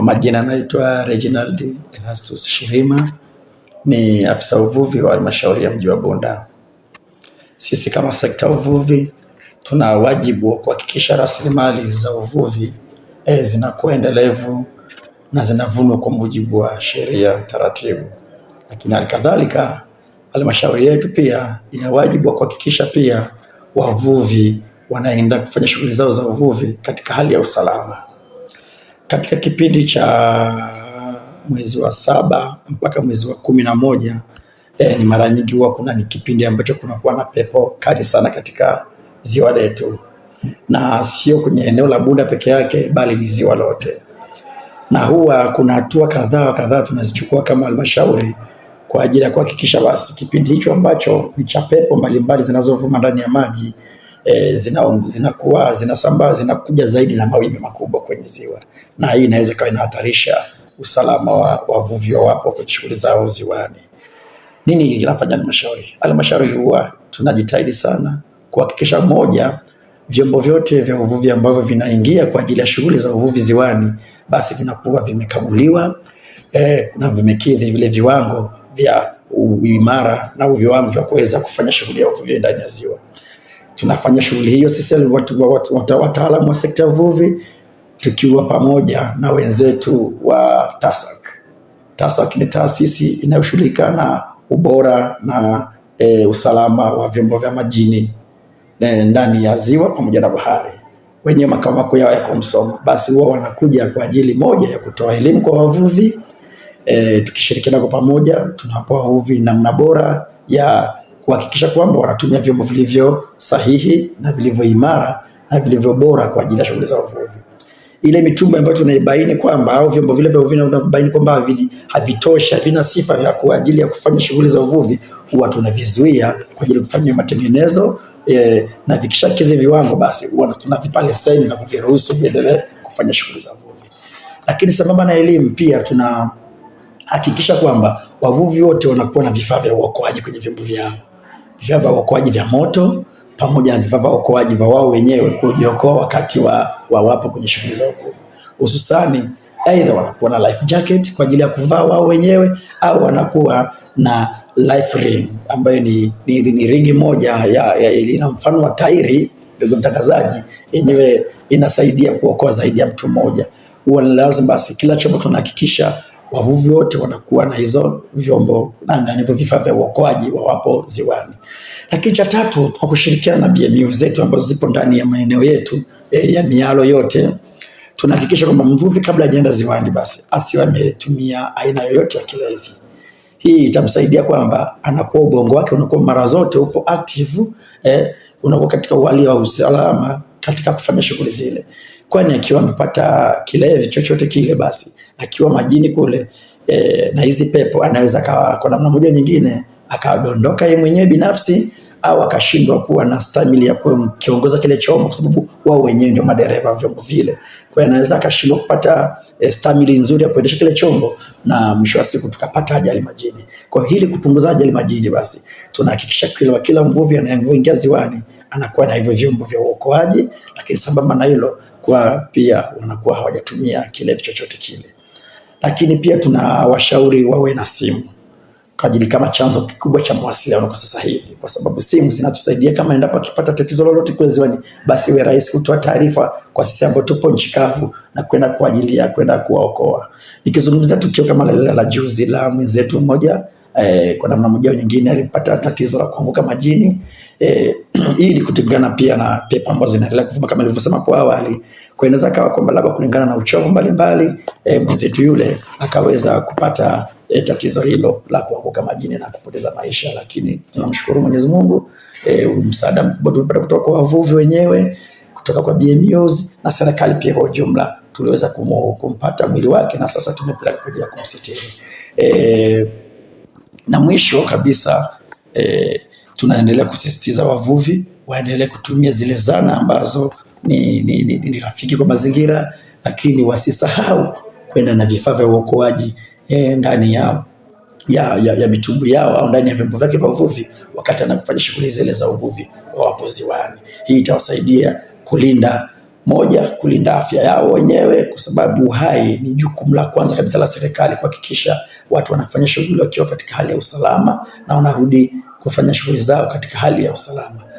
Kwa majina anaitwa Reginald Erastus Shirima, ni afisa uvuvi wa halmashauri ya mji wa Bunda. Sisi kama sekta ya uvuvi tuna wajibu wa kuhakikisha rasilimali za uvuvi e, zinakuwa endelevu na zinavunwa kwa mujibu wa sheria, taratibu. Lakini halikadhalika halmashauri yetu pia ina wajibu wa kuhakikisha pia wavuvi wanaenda kufanya shughuli zao za uvuvi katika hali ya usalama katika kipindi cha mwezi wa saba mpaka mwezi wa kumi na moja eh, ni mara nyingi huwa kuna ni kipindi ambacho kunakuwa na pepo kali sana katika ziwa letu, na sio kwenye eneo la Bunda peke yake, bali ni ziwa lote, na huwa kuna hatua kadhaa kadhaa tunazichukua kama halmashauri kwa ajili ya kuhakikisha basi kipindi hicho ambacho ni cha pepo mbalimbali zinazovuma ndani ya maji e, eh, zinakuwa zinasambaa zinakuja zaidi na mawimbi makubwa kwenye ziwa, na hii inaweza ikawa inahatarisha usalama wa wavuvi wawapo kwenye shughuli zao ziwani. Nini kinafanya halmashauri? Halmashauri huwa tunajitahidi sana kuhakikisha moja, vyombo vyote vya uvuvi ambavyo vinaingia kwa ajili ya shughuli za uvuvi ziwani basi vinakuwa vimekaguliwa e, na vimekidhi vile viwango vya uimara na viwango vya kuweza kufanya shughuli ya uvuvi ndani ya ziwa tunafanya shughuli hiyo sisi wataalamu wa sekta ya uvuvi tukiwa pamoja na wenzetu wa TASAC. TASAC ni taasisi inayoshughulika na ubora na e, usalama wa vyombo vya majini eh, ndani ya ziwa pamoja na bahari. Wenyewe makao makuu yao yako Msoma, basi huwa wanakuja kwa ajili moja ya kutoa elimu kwa wavuvi e, tukishirikiana kwa pamoja tunawapa wavuvi namna bora ya kuhakikisha kwamba wanatumia vyombo vilivyo sahihi na vilivyo imara na vilivyo bora kwa ajili ya shughuli za uvuvi. Ile mitumba ambayo tunaibaini kwamba au vyombo vile vya uvuvi tunabaini kwamba havitoshi, havina sifa vya kwa ajili ya kufanya shughuli za uvuvi, huwa tunavizuia kwa ajili ya kufanya matengenezo e, na vikisha kizi viwango, basi huwa tunavipa leseni na kuviruhusu viendelee kufanya shughuli za uvuvi. Lakini sambamba na elimu, pia tuna hakikisha kwamba wavuvi wote wanakuwa na vifaa vya uokoaji kwenye vyombo vyao vifaa vya uokoaji vya moto pamoja na vifaa vya uokoaji vya wao wenyewe kujiokoa wakati wa, wa wapo kwenye shughuli za uokoaji. Hususani aidha wanakuwa na life jacket kwa ajili ya kuvaa wao wenyewe au wanakuwa na life ring ambayo ni, ni, ni, ni ringi moja ya, ya, ina mfano wa tairi, ndugu mtangazaji, yenyewe inasaidia kuokoa zaidi ya mtu mmoja. Huwa ni lazima basi kila chombo tunahakikisha wavuvi wote wanakuwa na hizo vyombo na hivyo vifaa vya uokoaji wawapo ziwani. Lakini cha tatu, kwa kushirikiana na BMU zetu ambazo zipo ndani ya maeneo yetu e, ya mialo yote tunahakikisha kwamba mvuvi kabla ajaenda ziwani, basi asiwe ametumia aina yoyote ya kilevi. Hii itamsaidia kwamba anakuwa ubongo wake unakuwa mara zote upo active e, unakuwa katika uhali wa usalama katika kufanya shughuli zile, kwani akiwa amepata kilevi chochote kile basi akiwa majini kule e, na hizi pepo anaweza kawa kwa namna moja nyingine akadondoka yeye mwenyewe binafsi au akashindwa kuwa na stamili ya kiongoza kile chombo, kwa sababu wao wenyewe ndio madereva vyombo vile. Kwa hiyo anaweza akashindwa kupata e, stamili nzuri ya kuendesha kile chombo, na mwisho wa siku tukapata ajali majini. Kwa hili kupunguza ajali majini, basi tunahakikisha kila, kila mvuvi anayeingia ziwani anakuwa na hivyo vyombo vya uokoaji, lakini sambamba na hilo, kwa pia wanakuwa hawajatumia kile chochote kile lakini pia tunawashauri wawe na simu kwa ajili kama chanzo kikubwa cha mawasiliano kwa sasa hivi, kwa sababu simu zinatusaidia kama endapo akipata tatizo lolote kule ziwani, basi iwe rahisi kutoa taarifa kwa sisi ambao tupo nchi kavu na kwenda kwa ajili ya kwenda kuwaokoa. Nikizungumzia tukio kama la la juzi la mwenzetu mmoja eh, kwa namna moja au nyingine alipata tatizo la kuanguka majini eh, ili kutokana pia na pepo ambazo zinaendelea kuvuma kama nilivyosema hapo awali. Kwa inaweza kawa kwamba labda kulingana na uchovu mbalimbali eh, mwenzetu yule akaweza kupata eh, tatizo hilo la kuanguka majini na kupoteza maisha, lakini tunamshukuru Mwenyezi Mungu eh, msaada mkubwa tulipata kutoka kwa wavuvi wenyewe kutoka kwa BMOs na serikali pia kwa ujumla tuliweza kumpata mwili wake na sasa tumepeleka kwa ajili ya kumsitiri. Eh, na mwisho kabisa e, tunaendelea kusisitiza wavuvi waendelee kutumia zile zana ambazo ni, ni, ni, ni rafiki kwa mazingira, lakini wasisahau kwenda na vifaa vya uokoaji e, ndani ya, ya, ya, ya mitumbu yao au ndani ya vyombo vyake vya uvuvi wakati anakufanya shughuli zile za uvuvi wa ziwani. Hii itawasaidia kulinda moja, kulinda afya yao wenyewe, kwa sababu uhai ni jukumu la kwanza kabisa la serikali kuhakikisha watu wanafanya shughuli wakiwa katika hali ya usalama na wanarudi kufanya shughuli zao katika hali ya usalama.